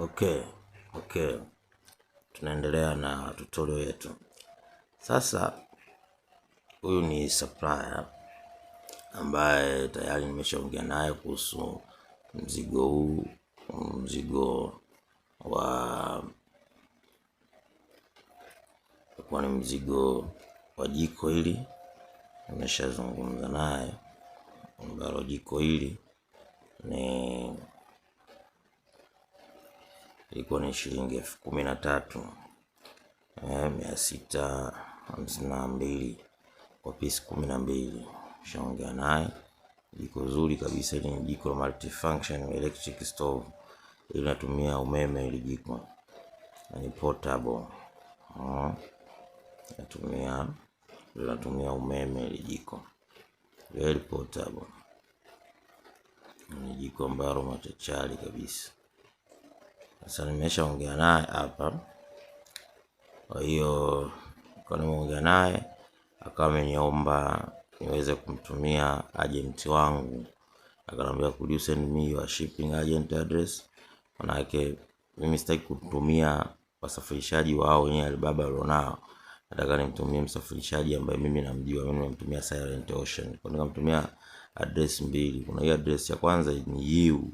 Okay, okay, tunaendelea na tutorial yetu sasa. Huyu ni supplier ambaye tayari nimeshaongea naye kuhusu mzigo huu, mzigo wa kwa ni mzigo wa jiko hili, nimeshazungumza naye ambalo jiko hili ni ilikuwa ni shilingi elfu kumi na tatu eh, mia sita hamsini na mbili kwa pisi kumi na mbili. Shaongea naye, jiko zuri kabisa. Hili ni jiko la multifunction electric stove, umeme. Hili jiko ni portable, natumia mm-hmm. linatumia umeme. Hili jiko very portable, ni jiko ambalo machachari kabisa. Sasa nimeshaongea naye hapa, kwa hiyo kwa nimeongea naye akawa ameniomba niweze kumtumia agent wangu, akanambia could you send me your shipping agent address. Manake mimi sitaki kutumia wasafirishaji wao wenyewe Alibaba alionao, nataka nimtumie msafirishaji ambaye mimi namjua. Mimi namtumia Silent Ocean, kwa nikamtumia address mbili. Kuna hii address ya kwanza ni yu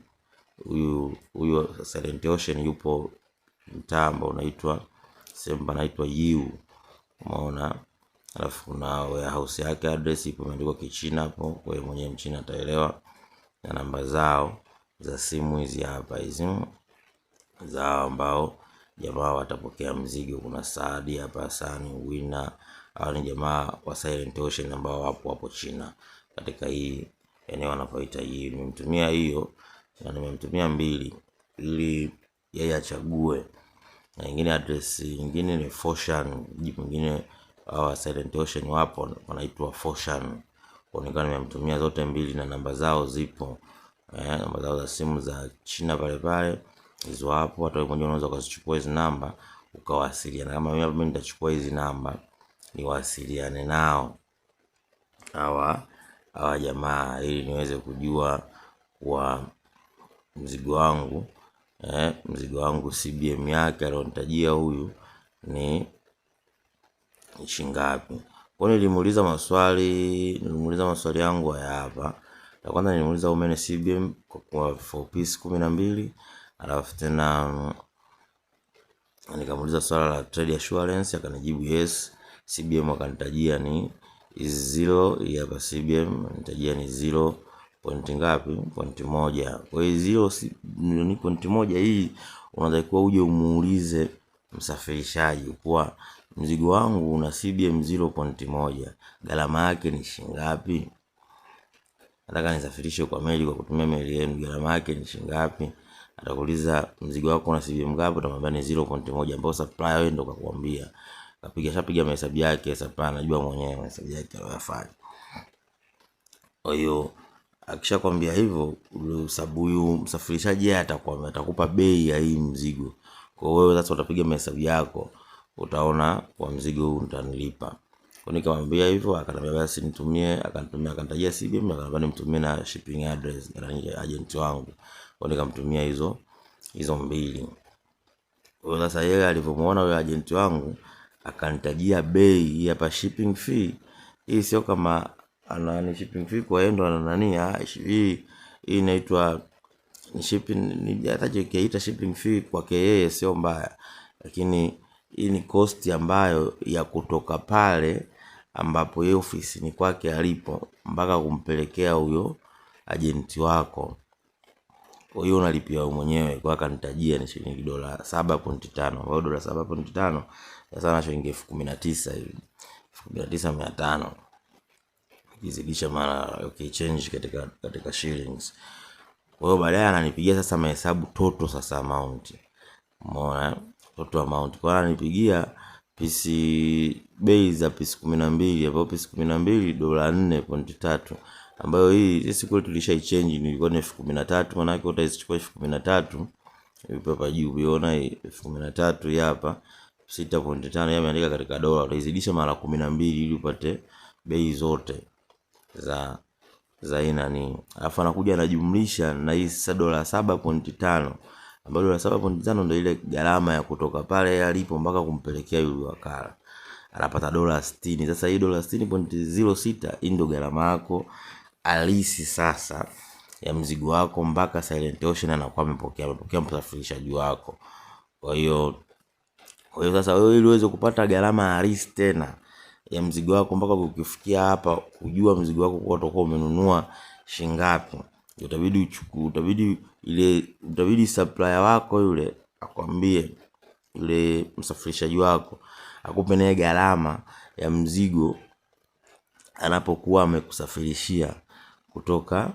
huyu huyu Silent Ocean yupo mtaa ambao unaitwa Semba, naitwa Yiu, umeona. Alafu kuna warehouse yake address ipo imeandikwa Kichina hapo, kwa hiyo mwenyewe mchina ataelewa, na namba zao za simu hizi hapa hizi za ambao jamaa watapokea mzigo. Kuna Saadi hapa, Sani Wina, hao ni jamaa wa Silent Ocean ambao wapo hapo China katika hii eneo wanapoita hii. Nimtumia hiyo na nimemtumia mbili ili yeye achague, na nyingine address nyingine ni Foshan, mji mwingine wa Silent Ocean wapo wanaitwa Foshan. Kwa hiyo nimemtumia zote mbili na namba zao zipo eh, namba zao za simu za China pale pale hizo hapo. Hata wewe mwenyewe unaweza ukazichukua hizo namba ukawasiliana. Kama mimi hapo, mimi nitachukua hizi namba niwasiliane nao hawa hawa jamaa ili niweze kujua kwa mzigo wangu eh, mzigo wangu CBM yake alionitajia huyu ni shingapi. Kwa nilimuuliza maswali, nilimuuliza maswali yangu haya hapa. La kwanza nilimuuliza umene CBM kwa for piece kumi na mbili, alafu tena nikamuuliza swala la trade assurance akanijibu yes. CBM akanitajia ni zero, hii hapa CBM nitajia ni zero pointi ngapi? Pointi moja. Kwa hiyo zero ni pointi moja hii, unatakiwa uje umuulize msafirishaji kuwa mzigo wangu una CBM 0.1 gharama yake ni shingapi? Nataka nisafirishe kwa meli, kwa kutumia meli yenu, gharama yake ni shingapi? ngapi? Atakuuliza mzigo wako una CBM ngapi? Utamwambia ni 0.1, ambao supplier wewe ndio kakwambia. Kapiga shapiga mahesabu yake, supplier anajua mwenyewe mahesabu yake aliyofanya. Kwa hiyo akishakwambia hivyo sababu huyu msafirishaji yeye atakwambia atakupa bei ya hii mzigo kwa wewe sasa utapiga mahesabu yako utaona kwa mzigo huu utanilipa kwa nikamwambia hivyo akaniambia basi nitumie akanitumia akanitajia CBM akaniambia nimtumie na shipping address ya agent wangu kwa nikamtumia hizo hizo mbili kwa sasa yeye alivyomuona yule agent wangu akanitajia bei hapa shipping fee hii sio kama ana shipping fee, kwa hiyo ndo ananania ah, hii inaitwa ni shipping. ni hataje kiaita shipping fee kwake yeye sio mbaya, lakini hii ni cost ambayo ya kutoka pale ambapo yeye ofisi ni kwake alipo mpaka kumpelekea huyo ajenti wako. Kwa hiyo unalipia wewe mwenyewe, kwa kanitajia ni shilingi dola 7.5 ambayo dola 7.5 sasa na shilingi elfu hivi elfu kumi ukizidisha mara ukichange okay, katika katika shillings. Kwa hiyo baadaye ananipigia sasa mahesabu toto sasa amount. Umeona? Toto amount. Kwa hiyo ananipigia PC bei za PC 12 ambapo PC 12 dola 4.3 ambayo hii sisi kule tulishaichange nilikuwa ni elfu kumi na tatu manake utaichukua elfu kumi hapa juu uliona hii 13 hapa 6.5 yameandika katika dola utaizidisha mara 12 ili upate bei zote za za aina ni Alafu anakuja anajumlisha na hii sasa dola saba pointi tano ambayo dola saba pointi tano ndio ile gharama ya kutoka pale alipo mpaka kumpelekea yule wakala anapata dola sitini. Sasa hii dola sitini pointi ziro sita hii ndio gharama yako halisi sasa ya mzigo wako mpaka Silent Ocean anakuwa amepokea amepokea msafirishaji wako. Kwa hiyo kwa hiyo sasa wewe ili uweze kupata gharama halisi tena ya mzigo wako mpaka ukifikia hapa, kujua mzigo wako kwa utakuwa umenunua shingapi. Utabidi uchukue, utabidi ile, utabidi supplier wako yule akwambie, yule msafirishaji wako akupe naye gharama ya mzigo anapokuwa amekusafirishia kutoka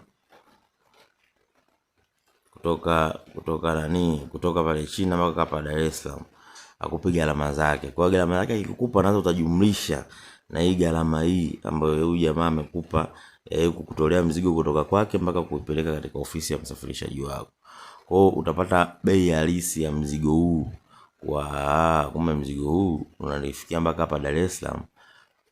kutoka kutoka nani kutoka pale China mpaka hapa Dar es Salaam akupiga alama zake. Kwa hiyo gharama yake ikikupa, unaweza utajumlisha na hii gharama hii ambayo huyu jamaa amekupa eh, kukutolea mzigo kutoka kwake mpaka kuipeleka katika ofisi ya msafirishaji wako. Kwa hiyo utapata bei halisi ya mzigo huu kwa kumbe mzigo huu unanifikia mpaka hapa Dar es Salaam.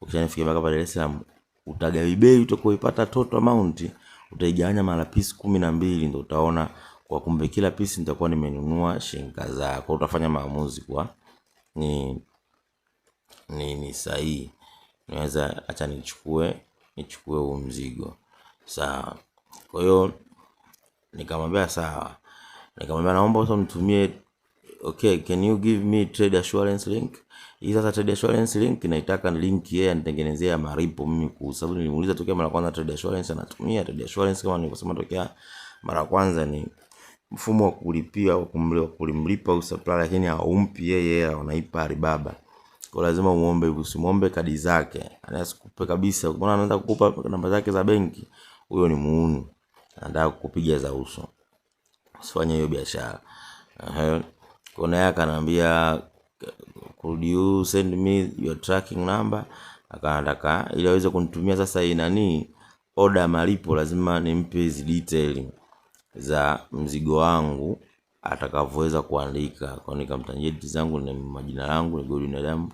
Ukishanifikia mpaka hapa Dar es Salaam, utagawi bei utakoipata total amount utaigawanya mara pisi kumi na mbili ndio utaona kwa kumbe kila pisi nitakuwa nimenunua shilingi kadhaa. Kwa utafanya maamuzi kwa ni ni, ni sahihi, naweza acha nichukue nichukue huu mzigo, sawa. Kwa hiyo nikamwambia sawa, nikamwambia naomba sasa mtumie okay, can you give me trade assurance link? Hii sasa trade assurance link naitaka link yeye anitengenezea maripo mimi, kwa sababu nilimuuliza tokea mara kwanza trade assurance anatumia trade assurance, kama nilivyosema tokea mara kwanza ni mfumo wa kulipia wa kumlipa au supplier, lakini haumpi yeye yeye anaipa Alibaba. Kwa lazima uombe hivyo, usimwombe kadi zake, anasikupe kabisa. Unaona, anaanza kukupa namba zake za benki, huyo ni muuni, anataka kukupiga za uso. Usifanye hiyo biashara. Ehe, kwa naye akanambia could you send me your tracking number, akaandaka ili aweze kunitumia sasa hii nani order malipo, lazima nimpe hizi detailing za mzigo wangu atakavyoweza kuandika kwao, nikamtajia details zangu na majina yangu ni Godwin Adam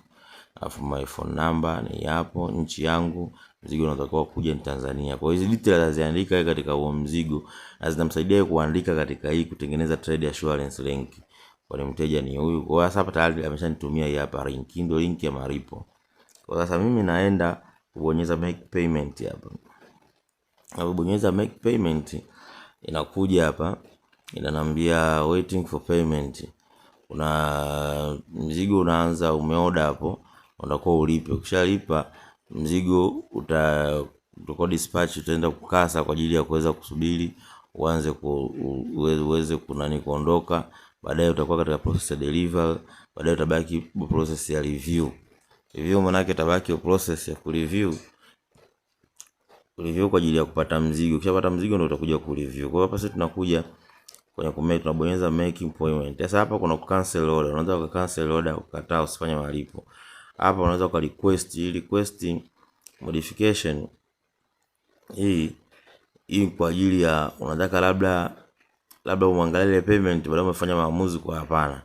alafu my phone number ni hapo, nchi yangu, mzigo unatakiwa kuja ni Tanzania. Kwa hizo details aziandika katika huo mzigo, na zinamsaidia kuandika katika hii kutengeneza trade assurance link, kwa mteja ni huyu. Kwa sasa hapa tayari ameshanitumia hii hapa link, ndio link ya malipo. Kwa sasa mimi naenda kubonyeza make payment hapa, na kubonyeza make payment inakuja hapa inanambia waiting for payment. Una mzigo unaanza umeoda hapo, unakuwa ulipe. Ukishalipa mzigo uta utakuwa dispatch, utaenda kukasa kwa ajili ya kuweza kusubiri uanze ku, uweze, kunani kuondoka. Baadaye utakuwa katika process ya deliver, baadaye utabaki process ya review. Review maana yake utabaki process ya kureview kureview kwa ajili ya kupata mzigo. Ukishapata mzigo ndio utakuja kureview. Kwa hiyo hapa sasa tunakuja kwenye kumeli, tunabonyeza make appointment. Sasa hapa kuna cancel order. Unaweza uka cancel order ukakataa usifanye malipo. Hapa unaweza uka request hii request modification hii hii kwa ajili ya unataka labda labda umwangalie payment baada umefanya maamuzi kwa hapana.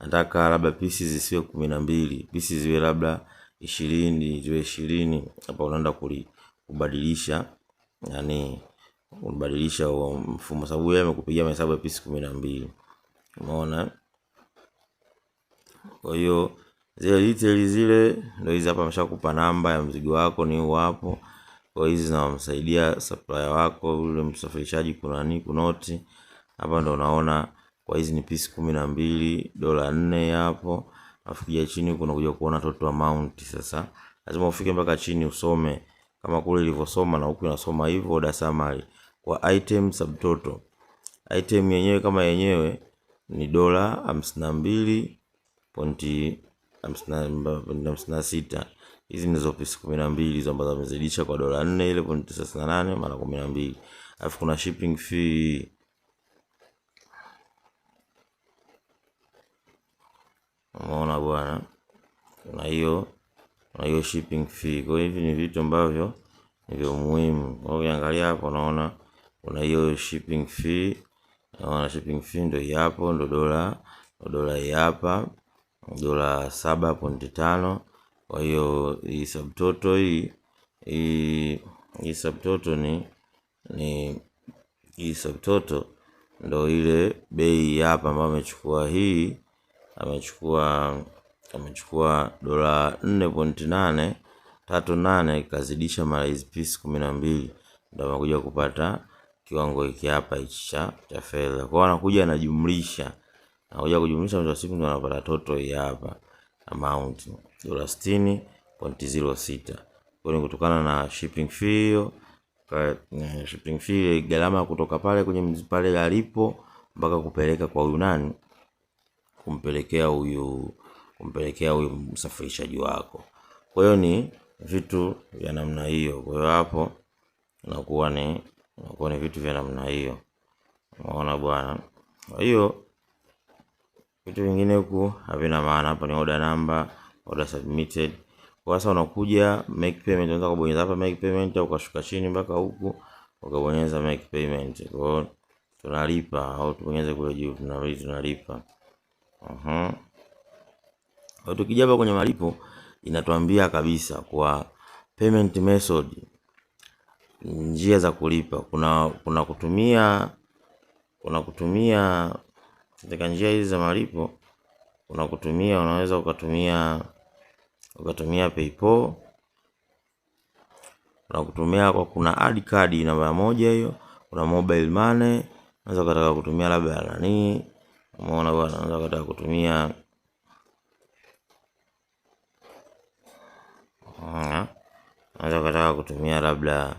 Nataka labda pieces zisiwe 12, pieces ziwe labda 20, ziwe 20. Hapa unaenda kulipa kubadilisha yani kubadilisha mfumo, sababu yeye amekupigia mahesabu ya pisi kumi na mbili. Umeona? Kwa hiyo zile detail zile ndio hizi hapa, ameshakupa namba ya mzigo wako ni wapo Kwa hizi zinamsaidia supplier wako yule msafirishaji, kuna nini kunoti hapa, ndio unaona kwa hizi ni pisi kumi na mbili dola nne hapo, afikia chini kuna kuja kuona total amount. Sasa lazima ufike mpaka chini usome kama kule ilivyosoma na huku inasoma hivyo. Order summary kwa item subtotal, item yenyewe kama yenyewe ni dola hamsini na mbili pointi hamsini na sita. Hizi ni pisi kumi na mbili hizo ambazo amezidisha kwa dola nne ile pointi thelathini na nane mara kumi na mbili alafu kuna shipping fee Umeona bwana, kuna hiyo na hiyo shipping fee. Kwa hivi ni vitu ambavyo ni vya muhimu. Kwa hiyo angalia hapo unaona kuna hiyo shipping fee. unaona shipping fee ndio hapo, ndio dola dola hapa dola 7.5. Kwa hiyo hii subtotal hii hii hii subtotal ni ni hii subtotal ndo ile bei hapa ambayo amechukua hii amechukua amechukua dola nne pointi nane tatu nane ikazidisha mara hizi pisi kumi na mbili ndio amekuja kupata kiwango hiki hapa hichi cha cha fedha. Kwa anakuja anajumlisha. Anakuja kujumlisha mwisho wa siku ndio anapata toto hii hapa amount dola 60.06. Kwa hiyo kutokana na shipping fee hiyo eh, shipping fee gharama kutoka pale kwenye pale alipo mpaka kupeleka kwa huyu nani kumpelekea huyu kumpelekea huyu msafirishaji wako. Kwa hiyo ni vitu vya namna hiyo. Kwa hiyo hapo inakuwa ni inakuwa ni vitu vya namna hiyo, unaona bwana. Kwa hiyo vitu vingine huku havina maana. Hapa ni order number, order submitted. Kwa sasa unakuja make payment, unaweza kubonyeza hapa make payment, au ukashuka chini mpaka huku ukabonyeza make payment. Kwa hiyo tunalipa, au tubonyeze kule juu tunalipa. Aha. Uh -huh. Kwa tukija hapa kwenye malipo inatuambia kabisa kwa payment method, njia za kulipa, kuna kuna kutumia kuna kutumia katika njia hizi za malipo, kuna kutumia, unaweza ukatumia ukatumia PayPal kuna kutumia kwa kuna add card namba moja hiyo, kuna mobile money, unaweza ukataka kutumia labda nani, umeona bwana, unaweza ukataka kutumia watakataa kutumia labda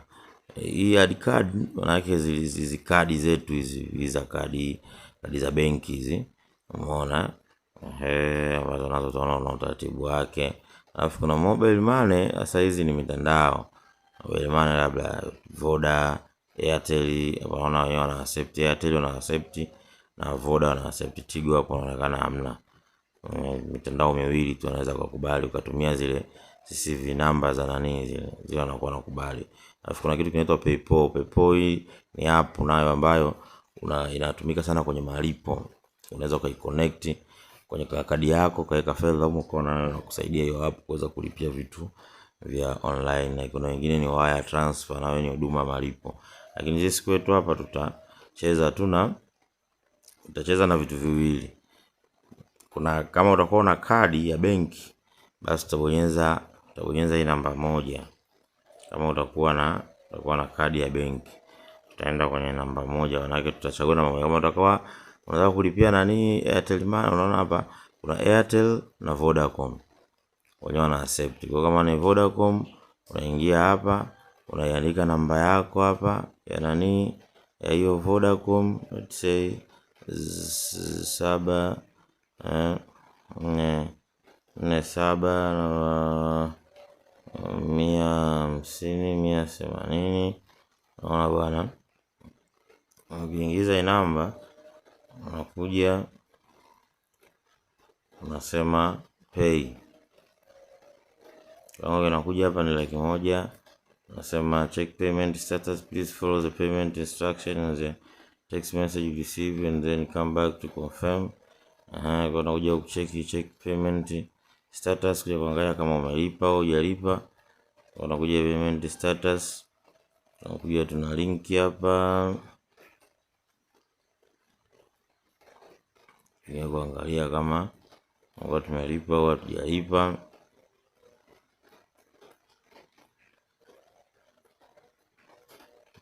hii ad card, manake hizi kadi zetu hizi Visa kadi, kadi za benki hizi, umeona ehe, ambazo nazo tunaona na utaratibu wake. Alafu kuna mobile money, sasa hizi ni mitandao mobile money, labda Voda, Airtel, hapa naona wenyewe wana accept Airtel, wana accept na Voda wana accept Tigo, hapo inaonekana hamna. Mitandao miwili tu anaweza kukubali ukatumia zile sisi namba za nani zile zile wanakuwa nakubali. Alafu kuna kitu kinaitwa PayPal. PayPal ni app nayo ambayo una, inatumika sana kwenye malipo. Unaweza ukaiconnect kwenye kadi yako kaweka fedha huko nayo na kusaidia hiyo app kuweza kulipia vitu vya online, na kuna wengine ni wire transfer, na wenye huduma malipo. Lakini sisi kwetu hapa tutacheza tu na utacheza na vitu viwili. Kuna kama utakuwa na kadi ya benki, basi utabonyeza utabonyeza hii namba moja. Kama utakuwa na utakuwa na kadi ya benki, utaenda kwenye namba moja, manake tutachagua namba moja. Kama utakuwa unataka kulipia nani, Airtel Money, unaona hapa kuna Airtel na Vodacom, wenyewe wana accept. Kwa kama ni Vodacom, unaingia hapa, unaiandika namba yako hapa ya nani ya hiyo Vodacom, let's say saba eh, nne nne saba mia hamsini, mia themanini. Naona bwana, ukiingiza hii namba unakuja unasema pay, kama inakuja hapa ni laki moja. unasema check payment status, please follow the payment instruction and the text message you receive and then come back to confirm. Aha, uh, unakuja kucheki check payment status, kuja kuangalia kama umelipa au hujalipa. Unakuja payment status, unakuja tuna link hapa kuja kuangalia kama aka tumelipa au hatujalipa.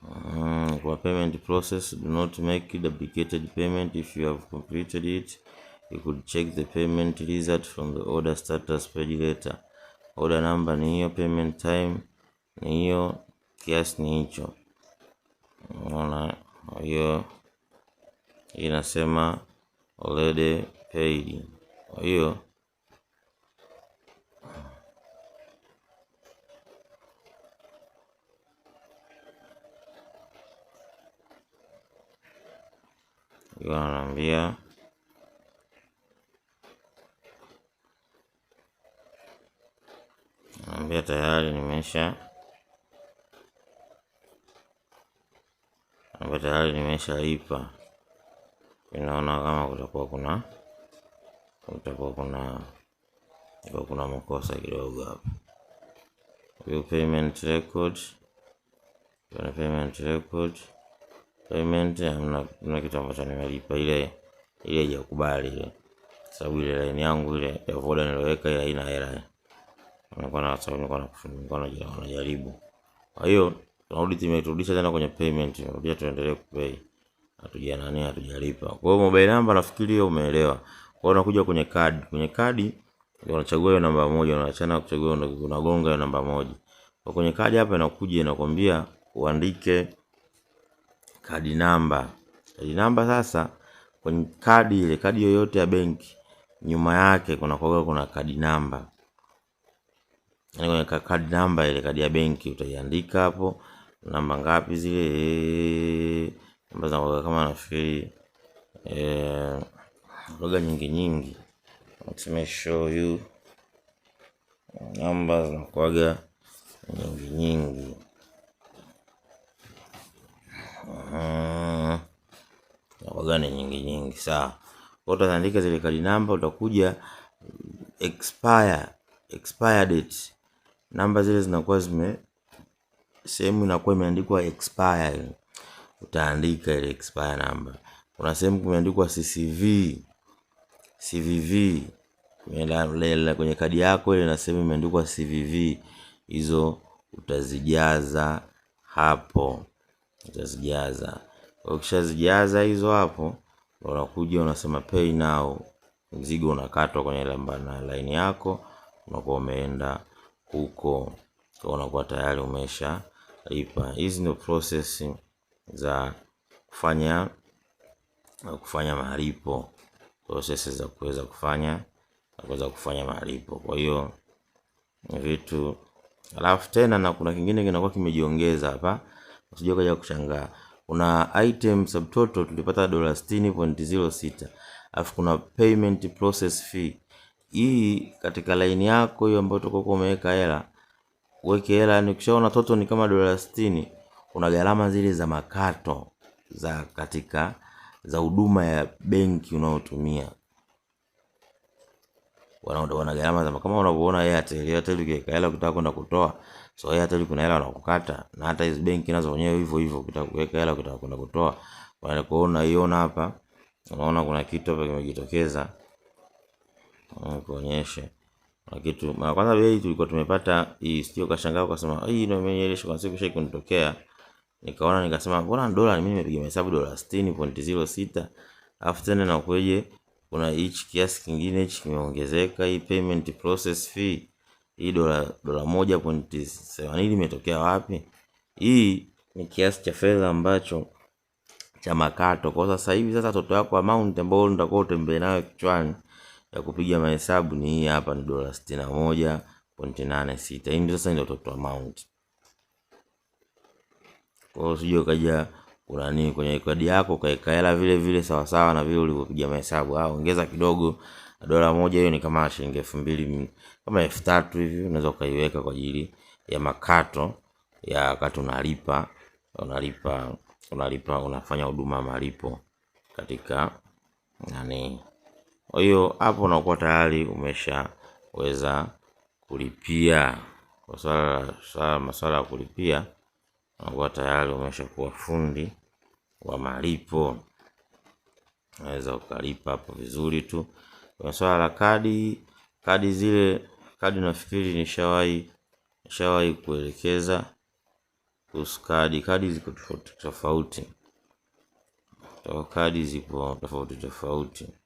Mm, kwa payment process, do not make duplicated payment if you have completed it You could check the payment result from the order status page later. Order number ni hiyo, payment time ni hiyo, kiasi ni hicho. Unaona, hiyo inasema already paid. Kwa hiyo hiyo anaambia nimeonyesha ambayo tayari nimeshalipa, inaona kama kutakuwa kuna kutakuwa kuna kutakuwa kuna makosa kidogo hapa. View payment record, kuna payment record payment, hamna kitu ambacho nimelipa, ile ile haijakubali ile, sababu ile line yangu ile ya Voda niloweka ile haina hela wanajaribu. Kwa hiyo tunarudi tumeturudisha tena kwenye payment, tunarudia tuendelee kupay, hatuja nani, hatujalipa. Kwa hiyo mobile number nafikiri hiyo umeelewa. Kwa hiyo unakuja kwenye card, kwenye card unachagua hiyo namba moja, unaachana kuchagua, unagonga hiyo namba moja. Kwa kwenye card hapa inakuja inakwambia uandike card number. Card number sasa kwenye kadi ile, kadi yoyote ya benki nyuma yake kuna kwa kuna kadi namba. Yaani kwenye card number ile kadi ya benki utaiandika hapo, namba ngapi zile namba za kama nafikiri eh, lugha nyingi nyingi, tuseme show you namba zinakuaga nyingi nyingi. Zinakuaga ni nyingi nyingi, sawa. Kwa utaandika zile kadi namba, utakuja expire expire date namba zile zinakuwa zime sehemu inakuwa imeandikwa expire, utaandika ile expire namba. Kuna sehemu kumeandikwa CCV, CVV kwenye kadi yako ile, na sehemu imeandikwa CVV. Hizo utazijaza hapo, utazijaza. Ukishazijaza hizo hapo, unakuja unasema pay now, mzigo unakatwa kwenye laini yako, unakuwa umeenda huko, kwa unakuwa tayari umesha lipa. Hizi ndio process za kufanya kufanya malipo, process za kuweza kufanya za kuweza kufanya malipo. Kwa hiyo vitu alafu tena na kuna kingine kinakuwa kimejiongeza hapa, usije kaja kushangaa. Kuna item subtotal tulipata dola 60.06, alafu kuna payment process fee hii katika laini yako hiyo ambayo utakuwa umeweka hela, uweke hela yani, ukishaona toto ni kama dola 60, kuna gharama zile za makato za katika za huduma ya benki unayotumia wana gharama za kama unavyoona yeye ateli ateli, ukiweka hela ukitaka kwenda kutoa, so yeye ateli kuna hela wanakukata, na hata hizo benki nazo wenyewe hivyo hivyo, ukitaka kuweka hela ukitaka kwenda kutoa, wanakuona iona hapa, unaona kuna kitu hapa kimejitokeza Eh, kuonyeshe na kitu mara kwanza bei tulikuwa tumepata hii, sio kashangaa ukasema hii ndio imenyelesha kwa siku shaki kunitokea, nikaona nikasema bora dola, mimi nimepiga hesabu dola 60.06 alafu tena na kuje kuna hichi kiasi kingine hichi kimeongezeka, hii payment process fee hii dola dola 1.70 imetokea wapi? Hii ni kiasi cha fedha ambacho cha makato. Kwa sasa hivi, sasa toto yako amount ambayo ndio nitakuwa utembee nayo kichwani ya kupiga mahesabu ni hii hapa, ni dola 61.86. Hii ndio sasa ndio total amount. Kwa hiyo usije ukaja nini kwenye kadi yako ukaweka hela vile vile sawa sawa na vile ulivyopiga mahesabu, au ah, ongeza kidogo. Dola moja hiyo ni kama shilingi elfu mbili kama elfu tatu hivi, unaweza ukaiweka kwa ajili ya makato ya wakati unalipa unalipa unalipa unafanya huduma malipo katika nani kwa hiyo hapo unakuwa tayari umeshaweza kulipia. Kwa swala masuala ya kulipia, unakuwa tayari umeshakuwa fundi wa malipo, unaweza ukalipa hapo vizuri tu. Kwa swala la kadi, kadi zile kadi nafikiri nishawahi nishawahi kuelekeza kuhusu kadi. Kadi ziko tofauti tofauti, kadi ziko tofauti tofauti.